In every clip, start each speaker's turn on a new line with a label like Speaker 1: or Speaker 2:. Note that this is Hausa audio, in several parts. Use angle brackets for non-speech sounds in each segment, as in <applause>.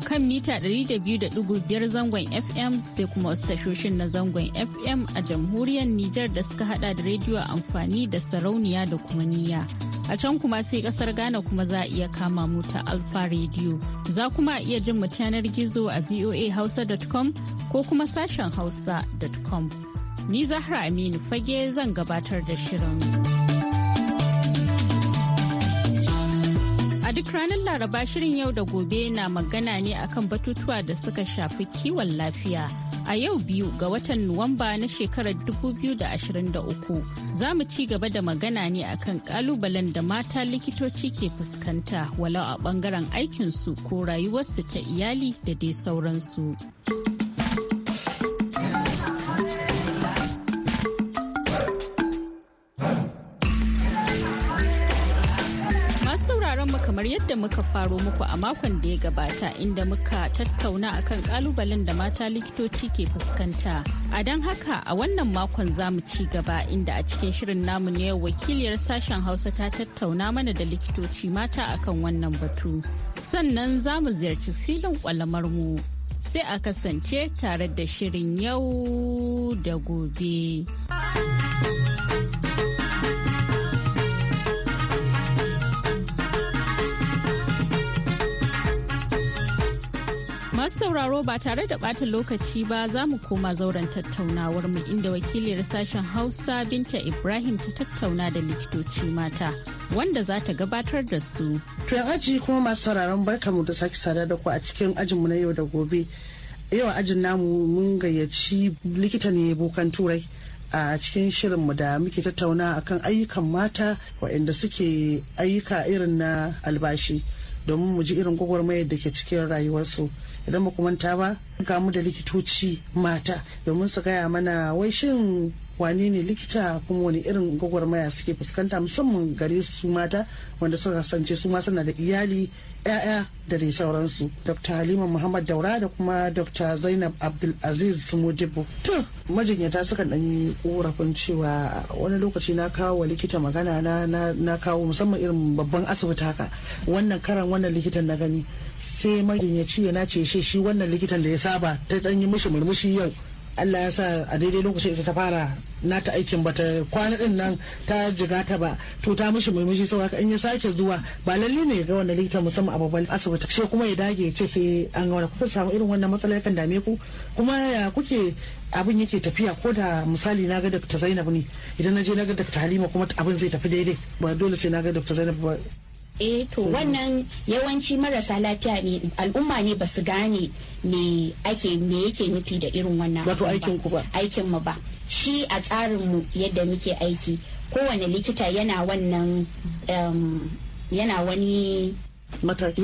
Speaker 1: kan mita 200.5 zangon FM sai kuma wasu tashoshin na zangon FM a jamhuriyar Nijar da suka hada da rediyo amfani da sarauniya da kuma niya. A can kuma sai kasar Ghana kuma za a iya kama mu ta Alfa rediyo Za kuma iya jin mu yanar gizo a voahausa.com ko kuma sashen hausa.com. Ni Zahra Aminu Fage zan gabatar da shirin. duk ranar Laraba shirin yau da gobe na magana ne akan batutuwa da suka shafi kiwon lafiya. A yau biyu ga watan Nuwamba na shekarar 2023 za mu ci gaba da magana ne akan kalubalen da mata likitoci ke fuskanta walau a bangaren aikinsu ko rayuwarsu ta iyali da dai sauransu. kamar yadda muka faro muku a makon da ya gabata inda muka tattauna akan kalubalen da mata likitoci ke fuskanta. A don haka a wannan makon za mu ci gaba inda a cikin shirin namu ne wakiliyar sashen Hausa ta tattauna mana da likitoci mata akan wannan batu. Sannan za mu ziyarci filin kwalamar mu. Sai a kasance tare da shirin yau da gobe. sauraro ba tare da ɓata lokaci ba za mu koma zauren tattaunawar mu inda wakiliyar sashen Hausa Binta Ibrahim ta tattauna da likitoci mata wanda za ta gabatar da su.
Speaker 2: To aji kuma masu sauraron mu da sake sada da ku a cikin ajinmu na yau da gobe. Yau ajin namu mun gayyaci likita ne bukan turai. a cikin shirinmu da muke tattauna akan ayyukan mata waɗanda suke ayyuka irin na albashi. domin mu ji irin gwagwarmayar da ke cikin rayuwarsu idan ba manta ba kamu da likitoci mata domin su gaya mana wai shin wane ne likita kuma wani irin gwagwarmaya suke fuskanta musamman gare su mata wanda suka kasance su ma suna da iyali 'ya'ya da dai sauransu dr halima muhammad daura da kuma dr zainab abdulaziz sumudibu to majinyata sukan dan yi korafin cewa wani lokaci na kawo wa likita magana na na kawo musamman irin babban asibiti haka wannan karan wannan likitan na gani sai majinyaci ya nace shi wannan likitan da ya saba ta dan yi mishi murmushi yau Allah ya sa a daidai lokacin ita ta fara na ta aikin bata kwana din nan ta jiga ta ba to ta mishi murmushi sau haka in ya sake zuwa ba lalle ne ga wannan likita musamman a babban asibiti sai kuma ya dage ce sai an ga wani kuka samu irin wannan matsala kan dame ku kuma ya kuke abin yake tafiya ko da misali na ga Dr. Zainab ne idan na je na ga Dr. Halima kuma abin zai tafi daidai ba dole sai na ga Dr. Zainab ba
Speaker 3: eh to wannan yawanci marasa lafiya ne al'umma ne ba su gane me ake me yake nufi da irin wannan wato aikin ku ba aikin mu ba shi a tsarin mu yadda muke aiki kowane likita yana wannan yana wani mataki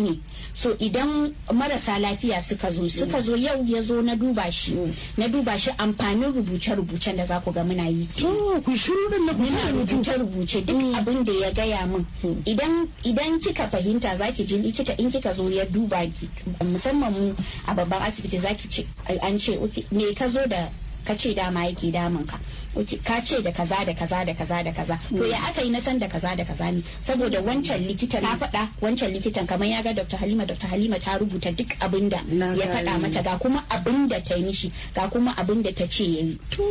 Speaker 3: ne so idan marasa lafiya suka zo suka zo yau ya zo na duba shi na duba shi amfanin rubuce-rubucen da za ku ga muna yi to oh, ku shiru din na muna rubuce-rubuce duk hmm. abin da ya gaya min hmm. idan idan kika fahimta zaki ji likita in kika zo ya duba ki musamman mu a babban asibiti zaki ce an ce me ka zo da kace dama yake damun ka ka ce da kaza da kaza da kaza da kaza to ya aka yi na san da kaza da kaza ne saboda wancan likitan na faɗa wancan likitan kamar ya ga Dr. Halima Dr. Halima ta rubuta duk abin da ya faɗa mata ga kuma abin da ta yi mishi ga kuma abin da ta ce yayi to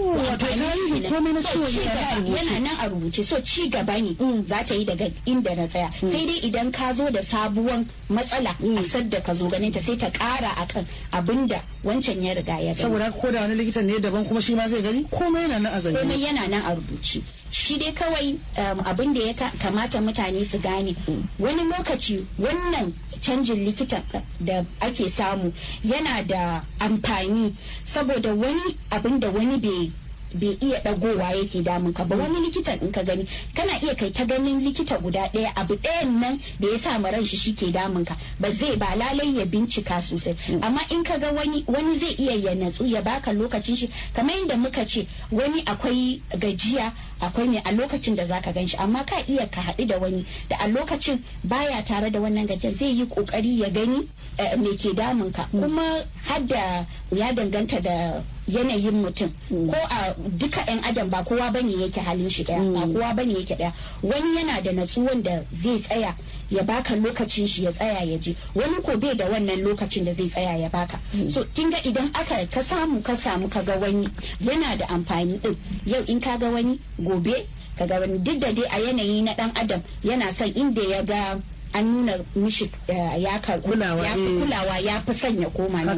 Speaker 3: yana nan a rubuce so ci gaba ne mm. za ta yi daga inda na tsaya mm. sai dai idan ka zo da sabuwan matsala a mm. da ka zo ganin ta sai ta ƙara akan abin da wancan ya riga ya gani saboda ko da wani likitan ne daban kuma shi ma zai gani komai yana nan a komai yana nan a rubuce shi dai kawai um, abin da ya kamata mutane su gane wani lokaci wannan canjin likita da ake samu yana da amfani saboda wani abin da wani bai bai iya ɗagowa yake damun ka ba mm. wani likitan in ka gani kana iya kai ta ganin likita guda ɗaya abu ɗayan nan da ya sa ran shi shi ke damun ka ba zai ba lalai ya bincika sosai mm. amma in ka ga wani wani zai iya ya natsu ya baka lokacin shi kamar yadda muka ce wani akwai gajiya akwai ne a lokacin da zaka gan shi amma ka iya ka haɗu da wani da a lokacin baya tare da wannan gajiyar zai yi kokari ya gani eh, me ke damun ka mm. kuma hadda ya danganta da yanayin mutum mm. ko a duka yan adam ba kowa bane yake halin shi daya ba mm. kowa bane yake daya wani yana da natsuwan da zai tsaya ya baka lokacin shi ya tsaya ya je wani ko bai da wannan lokacin da zai tsaya ya baka so kin ga idan aka ka samu ka samu ka ga wani yana da amfani din yau in ka ga wani gobe kaga duk da dai a yanayi na dan adam yana son inda ya ga an nuna mishi eh, ya kulawa ya fi sanya eh. koma na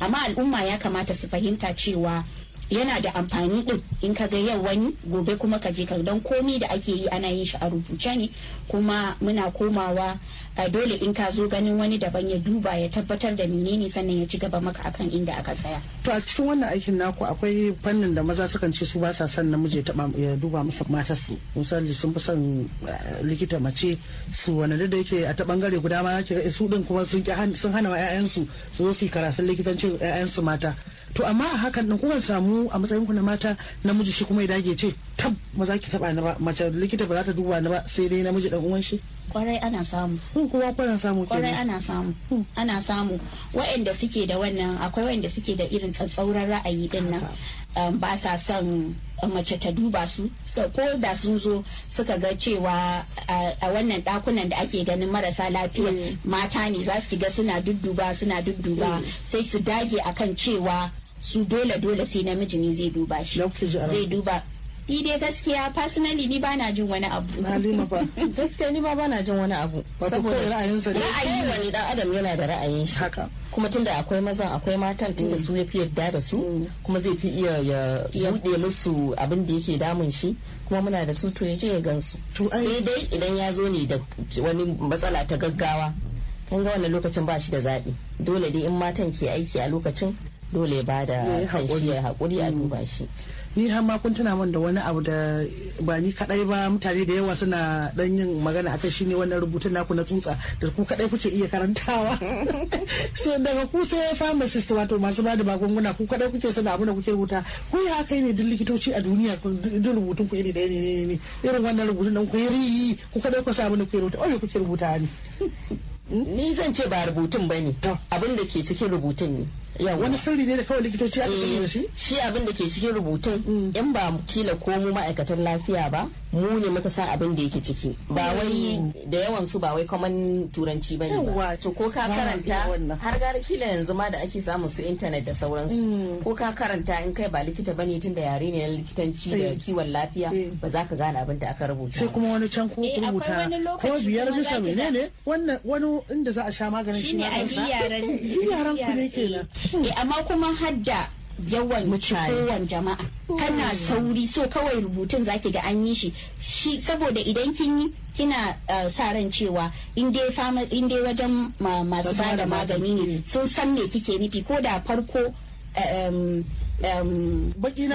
Speaker 3: amma al'umma ya kamata su fahimta cewa yana da amfani din in ka ga yau wani gobe kuma ka je ka don komi da ake yi ana yin shi a rubuce ne kuma muna komawa a dole in ka zo ganin wani daban ya duba ya tabbatar da menene sannan ya ci gaba maka akan inda aka tsaya to a cikin wannan aikin naku
Speaker 2: akwai fannin da maza sukan ce su ba sa son namiji ya taba ya duba musu matar su misali sun fi son eh, likita mace su wani da yake a ta bangare guda ma yake su din kuma sun hana ma 'ya'yansu su zo su yi karatun likitancin 'ya'yansu mata to amma a hakan nan kuka samu a matsayin ku na mata namiji shi kuma ya dage ce tab ba za ki taɓa ni ba mace likita ba
Speaker 3: za ta duba ni ba sai dai namiji dan uwan shi kwarai ana samu kun kowa kwarai samu kwarai ana samu hmm. ana samu waɗanda suke da wannan akwai waɗanda suke da irin tsatsauran ra'ayi din nan um, ba sa son um, mace ta duba su ko da sun zo suka ga cewa a wannan dakunan da ake ganin marasa lafiya hmm. mata ne za su ga suna dudduba suna dudduba hmm. sai su dage akan cewa su dole dole sai namiji ne zai duba shi zai duba ni dai gaskiya personally ni bana jin wani abu
Speaker 4: halima ba <laughs> gaskiya ni ba bana jin wani abu saboda ra'ayin sa ra'ayi wani dan adam yana da ra'ayin shi haka kuma tunda akwai mazan akwai matan tunda su ya fi yadda da su mm. kuma zai fi iya ya bude musu abin da yake damun shi kuma muna da su to ya je ya gansu sai dai idan ya zo ne da wani matsala ta gaggawa kan ga wannan lokacin ba shi da zaɓi dole dai in matan ke aiki a lokacin dole ba da hakuri ya haƙuri a mm. duba shi ni har ma kun tuna min da wani abu da ba ni kadai ba mutane da
Speaker 2: yawa suna dan yin magana akan shi ne wannan rubutun naku na tsutsa da ku kadai kuke iya karantawa <laughs> so daga ku sai pharmacist wato masu ba da magunguna ku kadai kuke suna abu da kuke rubuta ku ya kai ne duk likitoci a duniya duk rubutun ku iri da ne ne irin wannan rubutun nan ku yi ku kadai ku sa abin da kuke rubuta oh kuke rubuta ne Hmm? ni zan ce ba
Speaker 4: rubutun ne. abin da ke cikin rubutun ne wani sirri ne da kawai likitoci a cikin da shi eh, shi abin da ke cikin rubutun hmm. in ba kila ko mu ma'aikatan lafiya ba mu ne muka san abin da yake ciki ba hmm. wai da yawan su ba wai kaman turanci bane ba to ko ka karanta har gara kila yanzu ma da ake samun su internet da sauransu ko ka karanta in kai ba likita bane tunda yare ne na likitanci da eh. kiwon lafiya eh. ba za ka gane abin da aka rubuta sai kuma wani can ko rubuta ko biyar bisa menene wannan wani inda za a sha maganin shi
Speaker 2: ne a yaran ku ne kenan
Speaker 3: eh, amma kuma hadda yawan kowan jama'a kana oh. sauri so kawai rubutun zaki ga an yi shi shi saboda idan kin yi kina eh, sa ran cewa in dai wajen masu ba da magani ne sun san me kike nufi ko da farko eh, baki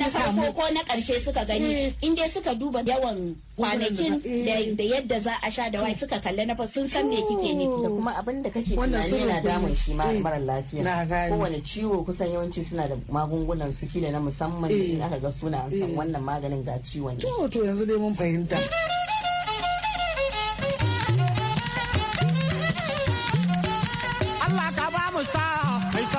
Speaker 3: na farko ko na karshe suka gani eh. in suka duba yawan kwanakin eh. da yadda za a sha da wai suka kalle na sun san me kike ne da kuma abin da kake tunani yana damun
Speaker 4: shi eh. mara lafiya kowane ciwo kusan yawanci suna da magungunan su kila na musamman in aka ga suna san wannan maganin ga ciwon to to yanzu dai mun fahimta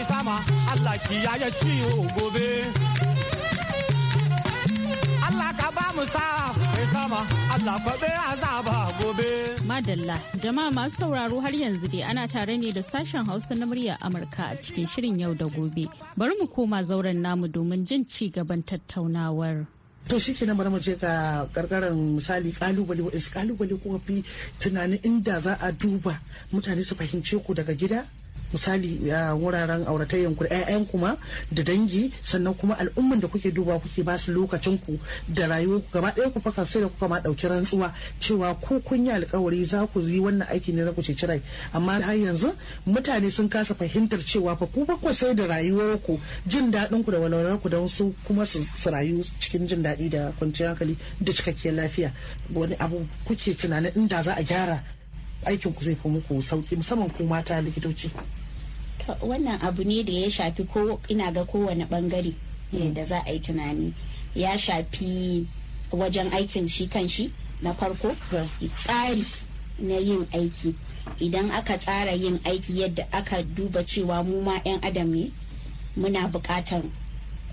Speaker 5: mai sama Allah ya ciwo gobe. Allah ka ba sama Allah azaba gobe.
Speaker 1: Madalla jama'a masu sauraro har yanzu dai ana tare ne da sashen Hausa na murya Amurka a cikin shirin yau da gobe. Bari mu koma zauren namu domin jin ci gaban tattaunawar.
Speaker 2: to shi ke bari mu je ga karkaran misali kalubale waɗansu kalubale kuma fi tunanin inda za a duba mutane su fahimce ku daga gida misali wuraren auratayyan ku ƴaƴan kuma da dangi sannan kuma al'umman da kuke duba kuke ba su lokacin ku da rayuwar ku gaba ɗaya ku sai da kuka ma ɗauki rantsuwa cewa ku kun yi alƙawari za ku yi wannan aiki ne za ku ceci rai amma har yanzu mutane sun kasa fahimtar cewa fa ku ba sai da rayuwar ku jin daɗin ku da walwalar ku don su kuma su rayu cikin jin daɗi da kwanciyar hankali da cikakkiyar lafiya wani abu kuke tunanin inda za a gyara aikin ku zai fi muku sauki musamman ku mata likitoci
Speaker 3: wannan abu ne da ya shafi ko ina ga kowane bangare da za a yi tunani ya shafi wajen aikin shi kan shi na farko tsari na yin aiki idan aka tsara yin aiki yadda aka duba cewa mu ma 'yan adam ne muna buƙatar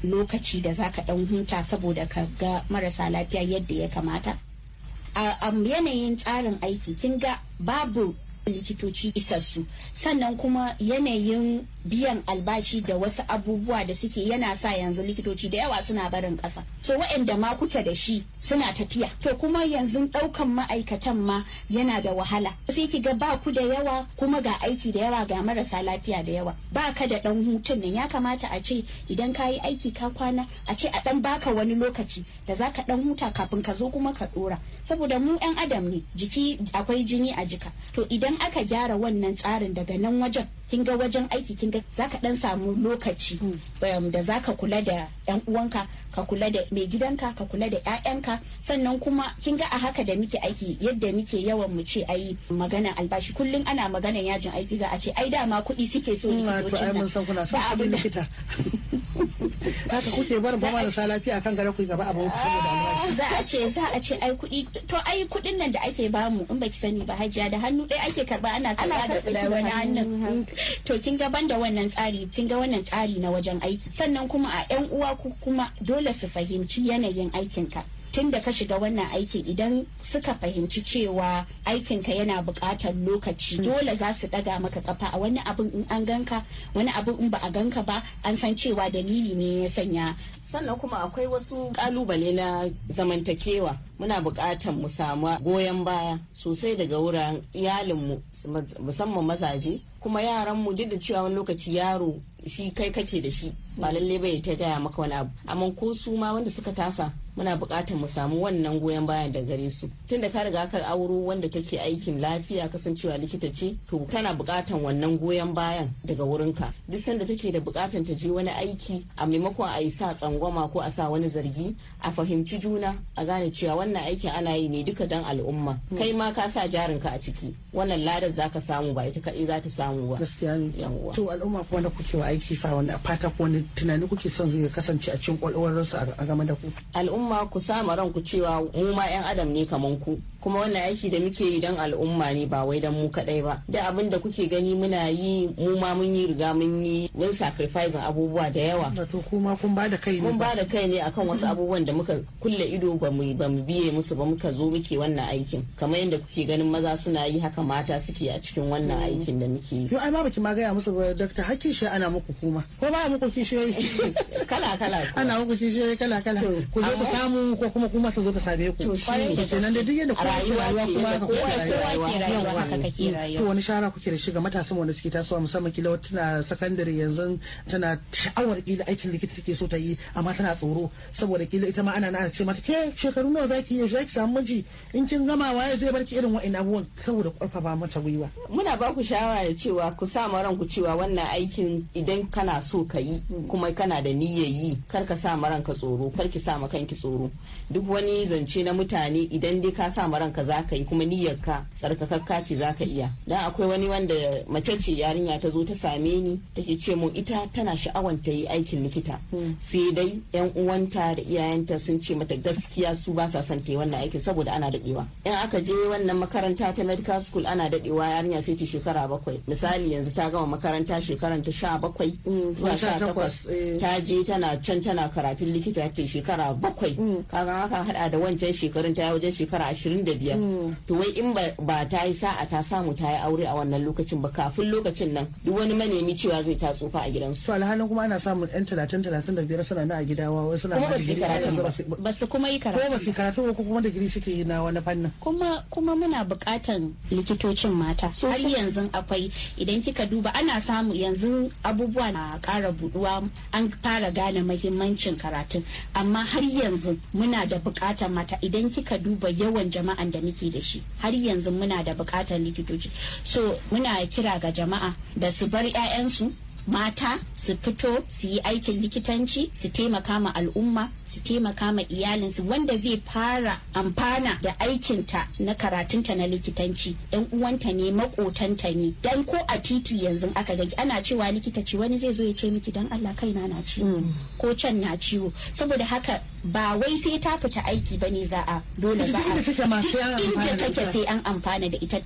Speaker 3: lokaci da za ka ɗan hunta saboda ka ga marasa lafiya yadda ya kamata a yanayin tsarin aiki kin ga babu likitoci isassu sannan kuma yanayin biyan albashi da wasu abubuwa da suke yana sa yanzu likitoci da yawa suna barin ƙasa so waɗanda ma kuke da shi suna tafiya to kuma yanzu daukan ma'aikatan ma yana da wahala sai ki ga ba ku da yawa kuma ga aiki da yawa ga marasa lafiya da yawa ba ka da dan hutun nan ya kamata a ce idan ka yi aiki ka kwana a ce a dan baka wani lokaci da za ka dan huta kafin ka zo kuma ka dora saboda mu yan adam ne jiki akwai jini a jika to idan aka gyara wannan tsarin daga nan wajen kin ga wajen aiki kin ga zaka dan samu lokaci hmm. um, da zaka kula da yan uwanka ka kula da mai gidanka ka kula da ƴaƴanka sannan kuma kin ga a haka da muke aiki yadda muke yawan mu ce ayi magana albashi kullun ana magana yajin aiki za a ce ai dama kuɗi suke so hmm, likitocin nan ba abu da
Speaker 2: <laughs> haka kuke barin gare ku gaba saboda
Speaker 3: ah, albashi za a ce za a ce ai kuɗi to ai kuɗin nan da ake bamu in baki sani ba hajiya da hannu ɗaya ake karba ana karba da wani hannun to kin ga banda wannan tsari kin ga wannan tsari na wajen aiki sannan kuma a yan uwa ku kuma dole su fahimci yanayin aikinka tun da ka shiga wannan aikin idan suka fahimci cewa aikin ka yana buƙatar lokaci mm. dole za su ɗaga maka kafa a wani abin in an ganka wani abin in ba
Speaker 4: a ganka ba an san cewa dalili ne ya sanya sannan kuma akwai wasu kalubale na zamantakewa muna buƙatar mu samu goyon baya sosai daga wuraren iyalinmu musamman mazaje kuma yaranmu duk da cewa wani lokaci yaro shi kai kake da shi ba lalle bai ta gaya maka wani abu amma ko su ma wanda suka tasa muna buƙatar mu samu wannan goyon bayan da gare su tunda ka riga ka auro wanda take aikin lafiya kasancewa likita ce to kana buƙatar wannan goyon bayan daga wurin ka duk sanda take da buƙatar ta je wani aiki a maimakon a yi sa tsangwama ko a sa wani zargi a fahimci juna a gane cewa wannan aikin ana yi ne duka dan al'umma kai ma ka sa ka a ciki wannan ladar zaka samu ba ita kaɗai za ta samu ba gaskiya ne to al'umma kuma da kuke wa aiki fa wanda fata ko wani tunani kuke son zai kasance a cikin kwalwarsa a game da ku al'umma ku sama ranku cewa mu ma 'yan adam ne kaman ku kuma wannan aiki da muke yi don al'umma ne ba wai don mu kadai ba da abin da kuke gani muna yi mu ma mun yi riga mun yi mun sacrificing abubuwa da yawa wato kuma kun ba da kai ne kun ba da kai ne akan wasu abubuwan da muka kulle ido ba mu ba mu biye musu ba muka zo muke wannan aikin kamar yadda kuke ganin maza suna yi haka mata suke a cikin wannan mm. aikin da muke yi
Speaker 2: yo ai ma baki ma ya musu ba doctor hakki shi ana muku kuma ko ba muku kishiyoyi <laughs> kala kala ana muku kishiyoyi kala kala ku zo ku samu ko kuma kuma su zo ku same ku to shi ne duk yadda rayuwa kuma kowa ke rayuwa haka kake rayuwa to wani shara kuke da shi ga matasan wanda suke tasowa musamman kila wata tana sakandare yanzu tana sha'awar kila aikin likita take so ta yi amma tana tsoro saboda kila ita ma ana na ce mata ke shekaru nawa zaki yi zaki samu miji in kin gama waye zai barki irin wa'annan abubuwan saboda
Speaker 4: karfafa mata gwiwa muna ba ku shawara cewa ku sa ma ranku cewa wannan aikin idan kana so ka yi kuma kana da niyyar yi kar ka sa ma ranka tsoro kar ki sa ma kanki tsoro duk wani zance na mutane idan dai ka sa ma kuma ranka za ka yi kuma niyyarka tsarkakakka ce za ka iya dan akwai wani wanda mace ce yarinya ta zo ta same ni take ce mu ita tana sha'awan ta yi aikin likita hmm. sai dai yan uwanta da iyayenta sun ce mata gaskiya su ba sa son ta yi wannan aikin saboda ana daɗewa. in aka je wannan makaranta ta medical school ana daɗewa yarinya sai ta shekara bakwai misali yanzu ta gama makaranta shekaran ta sha bakwai hmm, zuwa sha takwas eh. ta je tana can tana karatun likita ta shekara bakwai hmm. kaga haka hada da wancan shekarun ta wajen shekara ashirin da biyar mm. to wai in ba ta yi sa'a ta samu ta yi aure a wannan lokacin ba kafin lokacin nan duk wani manemi cewa zai ta tsufa a gidan
Speaker 2: to alhalin kuma ana samun yan talatin talatin da biyar suna na a gida wa wasu na ba su kuma
Speaker 3: yi karatu ba su karatu ko kuma digiri suke yi na wani fannin kuma kuma muna bukatan likitocin mata har yanzu akwai idan kika duba ana samu yanzu abubuwa na kara buduwa an fara gane mahimmancin karatun amma har yanzu muna da buƙatan mata idan kika duba yawan jama'a jama'an da muke da shi har yanzu muna da bukatar likitoci so muna kira ga jama'a da su bar 'ya'yansu mata su fito su yi aikin likitanci su taimaka ma al'umma su taimaka ma iyalinsu wanda zai fara amfana da aikinta na karatunta na likitanci yan uwanta ne makotanta ne dan ko a titi yanzu aka gani ana cewa likita ce wani zai zo ya ce miki dan Allah kaina na ciwo mm. ko can na ciwo saboda haka ba wai sai ta fita aiki bane za a dole za a inda take sai an
Speaker 4: amfana da ita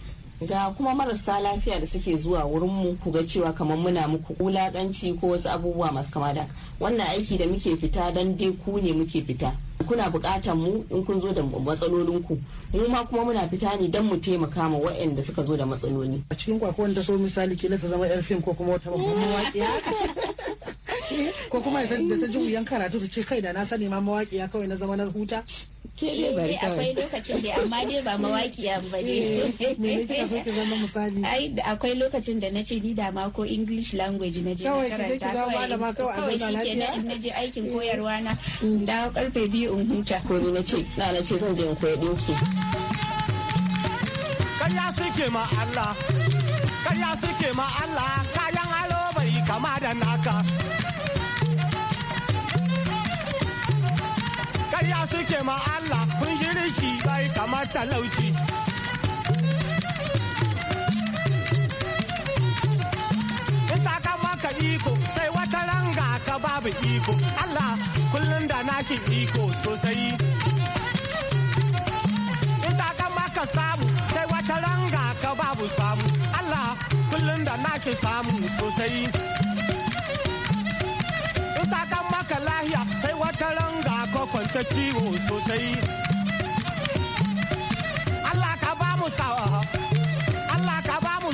Speaker 4: ga kuma marasa lafiya da suke zuwa wurin mu ku ga cewa kamar muna muku wulaƙanci ko wasu abubuwa masu kama da wannan aiki da muke fita dan dai ku ne muke fita kuna bukatan mu in kun zo da matsalolin ku mu ma kuma muna fita ne dan mu taimaka ma waɗanda suka zo da matsaloli a cikin kwakwa wanda so misali ke ta zama yar fim ko kuma wata babban mawaƙiya
Speaker 2: <laughs> ko kuma da ta ji wuyan karatu ta ce kai da na sani ma mawaƙiya kawai na zama na huta
Speaker 3: ke dai eh, bari akwai lokacin da amma dai ba mawaƙiya ba ne eh, me kika so ki zama misali <laughs> ai akwai lokacin da nace ni da ma ko English language naje na karanta kawai malama kawai a zauna lafiya kawai naje
Speaker 1: aikin eh. koyarwa
Speaker 3: na mm. da karfe biyu in huta ko
Speaker 4: ni nace na nace zan je in koyi dinki
Speaker 5: kaya suke ma Allah kaya suke ma Allah kayan alo bai kama da naka karya suke ma Allah kun shirin shi bai kamar talauci. Ita ka iko sai wata ranga ka babu iko Allah kullum da na shi iko sosai. Ita ka samu sai wata ranga ka babu samu Allah kullum da na shi samu sosai. ka lahiya sai wata ranga ko kwance ciwo sosai. Allah ka ba mu sa'a, Allah ka ba mu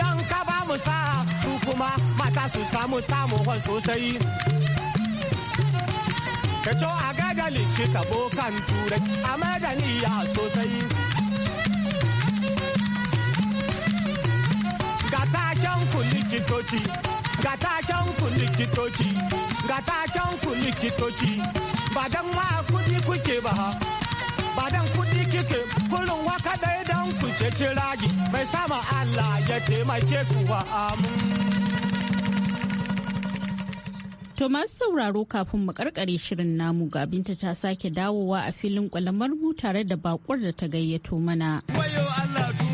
Speaker 5: yan ka ba mu sa'a su kuma mata su samu tamuwan sosai. Ka co a gada likita bokan turai a madaniya sosai. Ga taken ku likitoci. ga taken ku likitoci ga taken ku likitoci ba dan ma kudi kuke ba ba dan kudi kike kullum wa dai dan ku ce ragi mai sama Allah ya taimake ku wa amu
Speaker 1: To masu sauraro kafin mu karkare shirin namu ga binta ta sake dawowa a filin kwalamar mu tare da bakwar da ta gayyato mana.
Speaker 5: Wayo Allah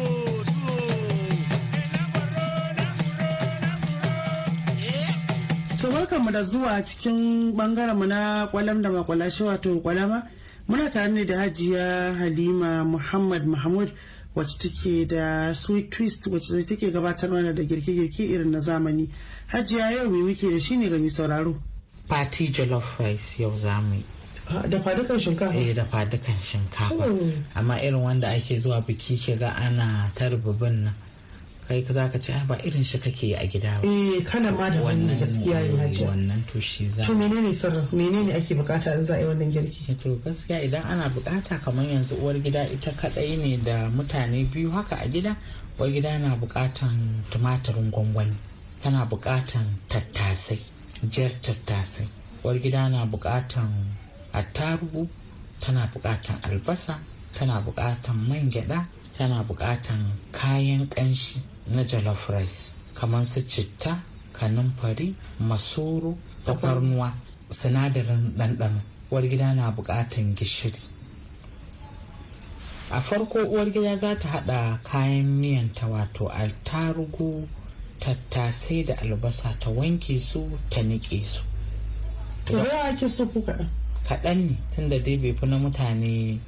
Speaker 2: barkanmu da zuwa cikin bangaren mu na kwalam da makwalashi wato kwalama muna tare ne da hajiya halima muhammad mahmud wacce take da sweet twist wacce take gabatar mana da girke-girke irin na zamani hajiya yau mai muke da shi ne gani sauraro
Speaker 6: party jollof rice yau zamu da fadukan shinkafa eh da fadukan shinkafa hmm. amma irin wanda ake zuwa biki shiga ana tarbibin nan kai za ka ci ah, ba irin shi kake yi a gida ba
Speaker 2: eh kana ma da wannan gaskiya ne hajiya
Speaker 6: wannan to shi za
Speaker 2: to menene sir menene ake bukata in za a yi wannan girki
Speaker 6: to gaskiya idan ana bukata kamar yanzu uwar gida ita kadai ne da mutane biyu haka a gida uwar gida na bukatan tumatirin gwangwani tana bukatan tattasai jar tattasai uwar gida na bukatan attarugu tana bukatan albasa tana bukatan man gyada tana bukatan kayan kanshi na jollof rice kamar su citta kanumfari masoro tafarnuwa sinadarin ɗanɗano uwar gida na buƙatan gishiri a farko uwar gida za ta haɗa kayan miyanta wato altarugu tattasai da albasa ta wanke su ta niƙe su kaɗan ne tunda dai bai fi na mutane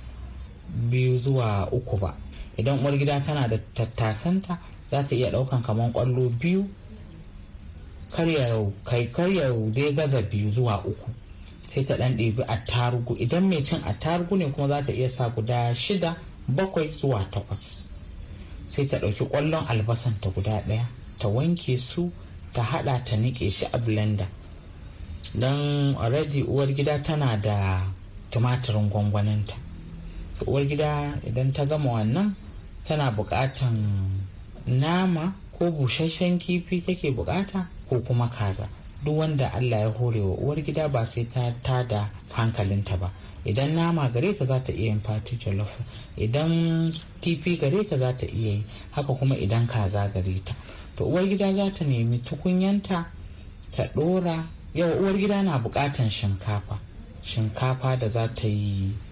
Speaker 6: biyu zuwa uku ba idan uwar gida tana da tattasanta za ta iya ɗaukan kamar kwallo biyu karya dai gaza biyu zuwa uku sai ta ɗan ɗebi tarugu idan mai cin tarugu ne kuma za ta iya sa guda shida bakwai zuwa takwas sai ta ɗauki ƙwallon albasan ta guda ɗaya ta wanke su ta haɗa ta nike shi a blender don already uwar gida tana da tumatirin gwangwaninta uwar gida idan ta gama wannan tana buƙatan nama ko busasshen kifi take bukata ko kuma kaza duk wanda Allah ya wa uwar gida ba sai ta tada hankalinta ba idan nama gare ta za ta iya yin fati jollof idan kifi gare ta za ta iya yi haka kuma idan kaza gare ta to uwar gida za ta nemi tukunyanta ta dora yau uwar gida na bukatan shinkafa shinkafa da za ta yi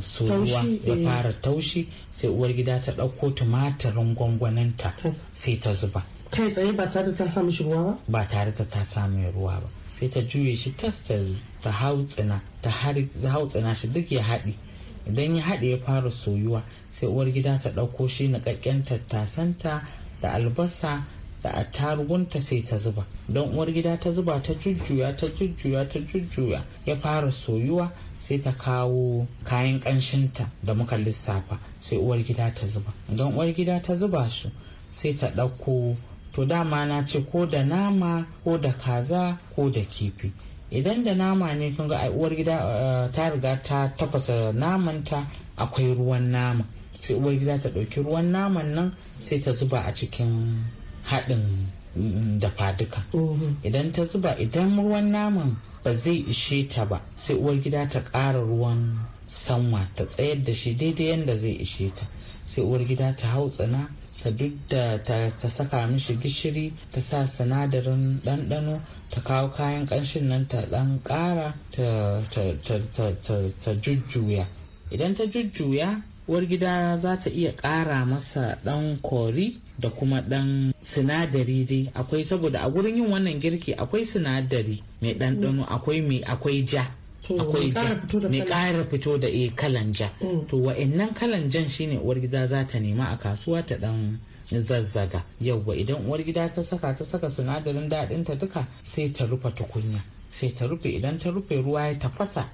Speaker 6: so ruwa ya eh. fara taushi sai uwar gida ta ɗauko tumatirin gwangwaninta sai ta zuba kai tsaye ba tare ta samu shi ruwa ba ba tare da ta samu ruwa ba sai ta juye shi tas ta hautsina ta hautsina shi duk ya haɗi idan ya haɗe ya fara soyuwa sai uwar gida ta ɗauko shi niƙaƙƙen tattasanta da albasa da a tarugunta sai ta zuba don uwar gida ta zuba ta jujjuya ta jujjuya ta jujjuya ya fara soyuwa sai ta kawo kayan kanshinta da muka lissafa sai uwar gida ta zuba don uwar gida ta zuba su sai ta ɗauko to dama na ce ko da nama ko da kaza ko da kifi idan da nama ne kun ga uwar gida eh, ta riga ta tafasa namanta akwai ruwan nama sai uwar gida ta ɗauki ruwan naman nan sai ta zuba a cikin haɗin dafa duka idan ta zuba idan ruwan naman ba zai ishe ta ba sai uwar gida ta ƙara ruwan sanwa ta tsayar da shi daidai yadda zai ishe ta sai uwar gida ta hau tsana ta duk da ta saka mishi gishiri ta sa sinadarin ɗanɗano ta kawo kayan ƙanshin nan ta ɗan ƙara ta jujjuya idan ta jujjuya uwar gida za ta iya ƙara masa ɗan kori da kuma ɗan sinadari dai akwai saboda a gurin yin wannan girki akwai sinadari mai ɗanɗano akwai mai akwai ja akwai ja mai ƙara fito da e kalan ja mm. to wa'annan kalan jan shine uwar gida za ta nema a kasuwa ta ɗan zazzaga yawwa idan uwar gida ta saka ta saka sinadarin ta duka sai ta rufe tukunya sai ta rufe idan ta rufe ruwa ya tafasa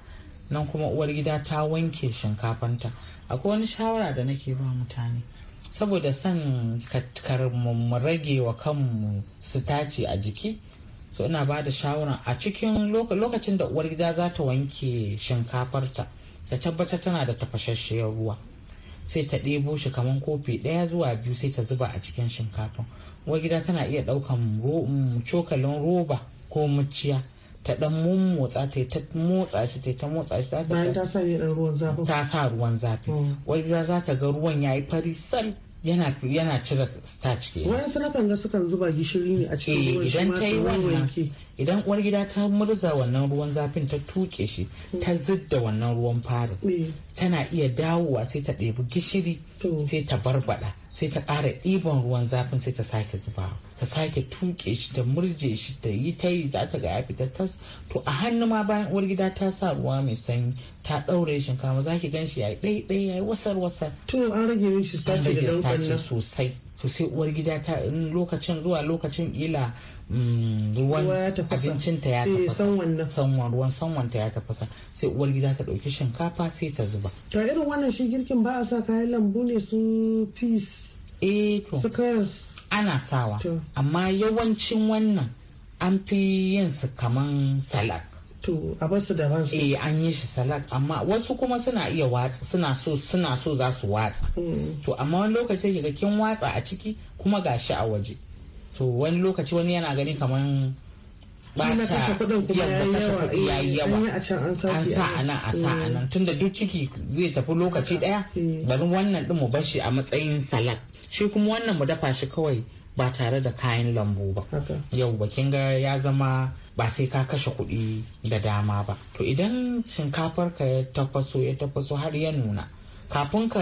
Speaker 6: nan kuma uwar gida ta wanke shinkafanta akwai wani shawara da nake ba mutane saboda son mu rage wa kanmu sitaci a jiki so ina ba da shawara a cikin lokacin da uwar gida za ta wanke shinkafarta ta tabbatar tana da tafashasshiyar ruwa sai ta ɗebo shi kamar kofi ɗaya zuwa biyu sai ta zuba a cikin shinkafin uwar gida tana iya ɗaukan mm, cokalin roba ko muciya ta dan mummotsa ta ta motsa shi ta ta motsa shi bayan ta
Speaker 2: sa dan ruwan zafi ta sa
Speaker 6: ruwan zafi hmm. wai za ta ga ruwan yayi fari san yana yana cire starch ke wani
Speaker 2: sanakan ga sukan zuba gishiri ne a cikin ruwan eh, shi ma sai wannan
Speaker 6: idan uwar gida ta murza wannan ruwan zafin ta tuke shi ta zidda wannan ruwan farin mm. tana iya dawowa sai ta ɗebi gishiri sai ta barbada sai ta ƙara ɗiban ruwan zafin sai ta sake zuba ta sake tuke shi ta murje shi ta yi ta yi za ta ga ya fita tas to a hannu ma bayan uwar gida ta sa ruwa mai sanyi ta ɗaure shinkafa za ki ganshi. ya yi ɗaiɗai ya yi wasar wasar to an rage shi sosai sosai sai uwar gida ta lokacin zuwa lokacin ila Mm, ruwan ta ya tafasa sanwan sanwanta ya tafasa sai uwar gida ta ɗauki shinkafa sai ta zuba
Speaker 2: to irin wannan shi girkin ba a sa kayan lambu ne su peas eh su.
Speaker 6: ana sawa amma yawancin wannan an fi yin su kaman salad to a basu da ransu eh an yi shi salad amma wasu kuma suna iya watsa suna so suna so za su watsa mm. to amma wani lokacin kiga kin watsa a ciki kuma gashi a waje to wani lokaci wani yana gani ba
Speaker 2: ta yadda
Speaker 6: ya eh, yi yawa an sa a nan a sa a mm. nan tunda duk ciki zai tafi lokaci ɗaya. Mm. bari wannan ɗin mu bar shi a matsayin salak. shi kuma wannan mu dafa shi kawai ba tare da kayan lambu ba yau ba kin ga ya zama ba sai ka kashe kuɗi da dama ba to idan shinkafar ka ya tafaso ya tafaso har ya nuna kafin ka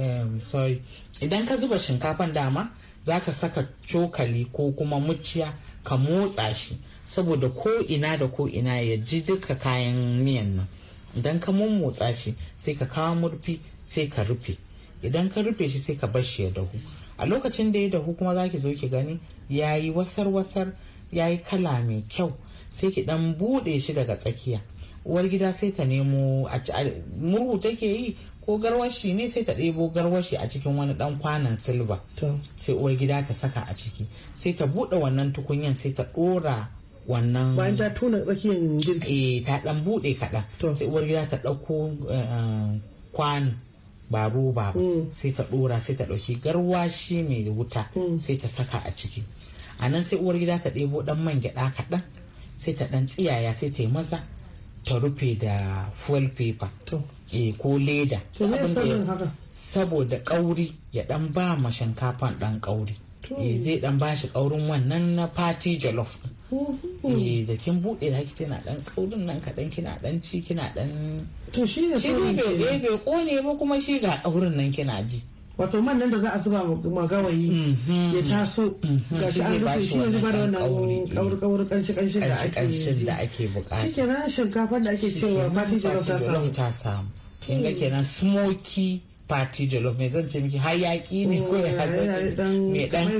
Speaker 6: eh, sorry idan ka zuba shinkafar dama za ka saka cokali ko kuma muciya ka motsa shi saboda ko ina da ko ina ya ji duka kayan miyan nan idan ka mummotsa shi sai ka kawo murfi sai ka rufe idan ka rufe shi sai ka bar shi ya dahu a lokacin da ya dahu kuma za ki zo ki gani ya yi wasar-wasar ya yi kala mai kyau sai ki dan bude shi daga tsakiya uwar gida sai ta nemo murhu take yi ko garwashi ne sai ta ɗebo garwashi a cikin wani ɗan kwanan silba sai uwar gida ta saka a ciki sai ta buɗe wannan tukunyan sai ta ɗora wannan bayan ta tona tsakiyar girki eh ta ɗan buɗe kaɗan sai uwar gida ta ɗauko eh, kwano ba roba ba mm. sai ta ɗora sai ta ɗauki garwashi mai wuta mm. sai ta saka a ciki a nan sai uwar gida ta ɗebo ɗan man gyaɗa kaɗan sai ta ɗan tsiyaya sai ta yi maza ta rufe da fuel paper e ko leda saboda kauri ya dan ba ma shinkafan dan kauri e eh, zai dan ba shi kaurin wannan na party jollof e da kin bude da kike na dan kaurin nan kadan kina dan ci kina dan to shi ne shi bai bai kone ba
Speaker 2: kuma shi ga kaurin
Speaker 6: nan kina ji
Speaker 2: wato man nan da za a zuba ma gawayi mhm.
Speaker 6: ya taso mhm. ga shi an rufe shi ne zuba da
Speaker 2: wannan kauri kanshi kanshi da
Speaker 6: ake bukata shi
Speaker 2: na shinkafa da ake cewa fati jollof ta samu kin ga hmm. kenan
Speaker 6: smoky party jollof mai zance miki hayaki ne oh, ko ya mai dan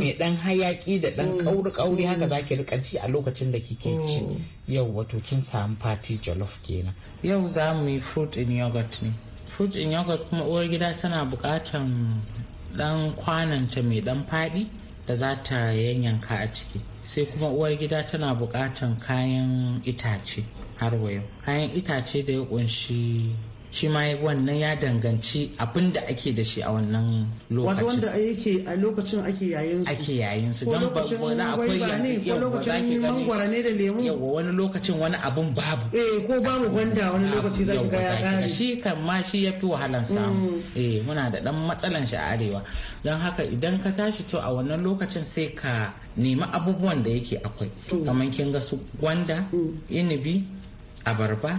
Speaker 6: mai dan hayaki da dan hmm. kauri kauri hmm. haka zaki rika ci a lokacin da kike oh. ci yau wato kin samu party jollof kenan yau za mu yi fruit in yogurt ne fruit in yogurt kuma uwar gida tana bukatan dan kwananta mai dan fadi da za ta yanyanka a ciki sai kuma uwar gida tana bukatan kayan itace har wayo kayan itace da ya kunshi shi ma wannan ya danganci abin da ake da shi a wannan lokacin wanda yake a lokacin ake yayin su ake yayin su don ba wani akwai yanzu ko lokacin mangwara ne da lemu yawa wani lokacin wani abin babu eh ko babu gwanda wani lokaci zaki ga ya kare shi kan ma shi yafi wahalan samu mm. eh muna da dan matsalan shi a arewa don haka idan ka tashi to a wannan lokacin sai ka nemi abubuwan da yake akwai mm. kamar kin ga su gwanda mm. inibi abarba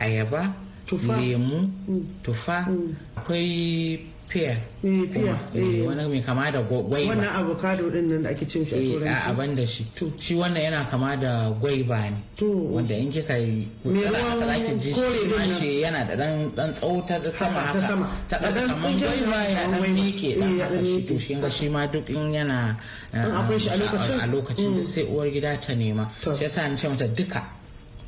Speaker 6: ayaba lemu mm. tufa mm. akwai pear eh, eh. wani mai kama da gwaiba wannan avocado din nan da ake cin shi a eh, turanci a da shi shi wannan yana kama da gwaiba ne wanda in kika yi kusa haka zaki ji shi shi yana da dan dan tsauta da sama haka ta kasa kaman gwaiba ya dan mike dan haka shi to shi ga shi ma duk in yana a lokacin da mm. sai uwar gida ta nema shi yasa an ce mata duka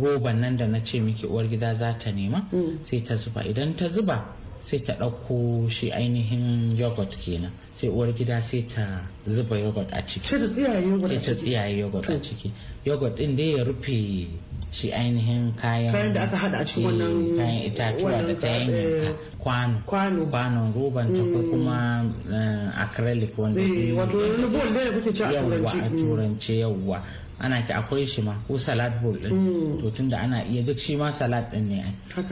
Speaker 6: roban nan da na ce miki uwar gida za ta nema mm. sai ta zuba idan ta zuba sai ta ɗauko shi ainihin yogurt kenan sai uwar gida sai ta zuba yogurt a ciki sai ta tsiyaye yogurt a ciki yogurt din dai ya rufe shi ainihin kayan da aka hada a cikin wannan eh, kayan itatuwa da ta yanyanka eh, kwano kwanon roban ta ko mm. kuma eh, acrylic wanda ke wato wani bowl da kuke ci a turanci a turance yawwa ana ki akwai shi ma ko salad bowl din mm. to tunda ana iya duk shi ma salad din ne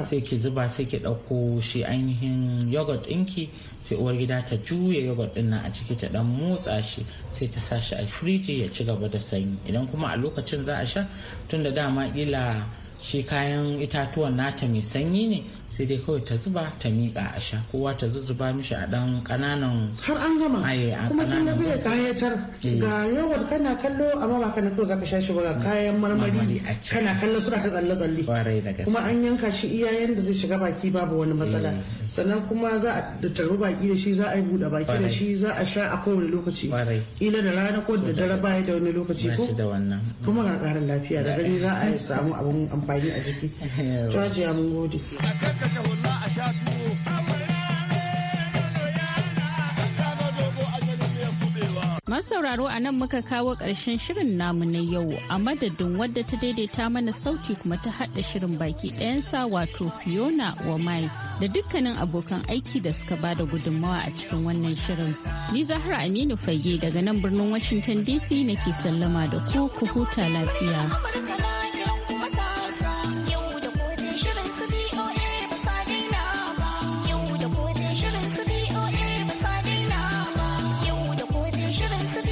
Speaker 6: sai ki zuba sai ki dauko shi ainihin yogurt ɗinki sai uwar gida ta juya yogurt din nan a ciki ta dan motsa shi sai ta sa shi a firiji ya ci gaba da sanyi idan kuma a lokacin lokacin za a sha tunda dama kila shi kayan itatuwan nata mai sanyi ne sai dai kawai ta zuba ta miƙa a sha kowa ta zuzzuba mishi a dan ƙananan har an gama kuma kin ga zai
Speaker 2: kayatar eh. ga yogurt kana kallo amma ba kana kawai zaka sha shi ba ga mm. kayan marmari kana kallo suna ta tsalle tsalle kuma an yanka shi iya da zai shiga baki babu wani matsala eh. sannan kuma za a taru baki da shi za a yi buɗe baki da shi za a sha a kowane lokaci ila da rana ko da dare baya da wani lokaci ko kuma ga ƙarin lafiya da gani za a samu abun amfani a jiki. Jajiya
Speaker 5: <laughs> mun gode.
Speaker 1: masauraro a nan muka kawo ƙarshen shirin namu na yau a madadin wadda ta daidaita mana sauti kuma ta haɗa shirin baki ɗayansa wato fiona wa mai da dukkanin abokan aiki da suka ba da gudunmawa a cikin wannan shirin ni zahra aminu fage daga nan birnin washington dc nake sallama da ku ku huta lafiya.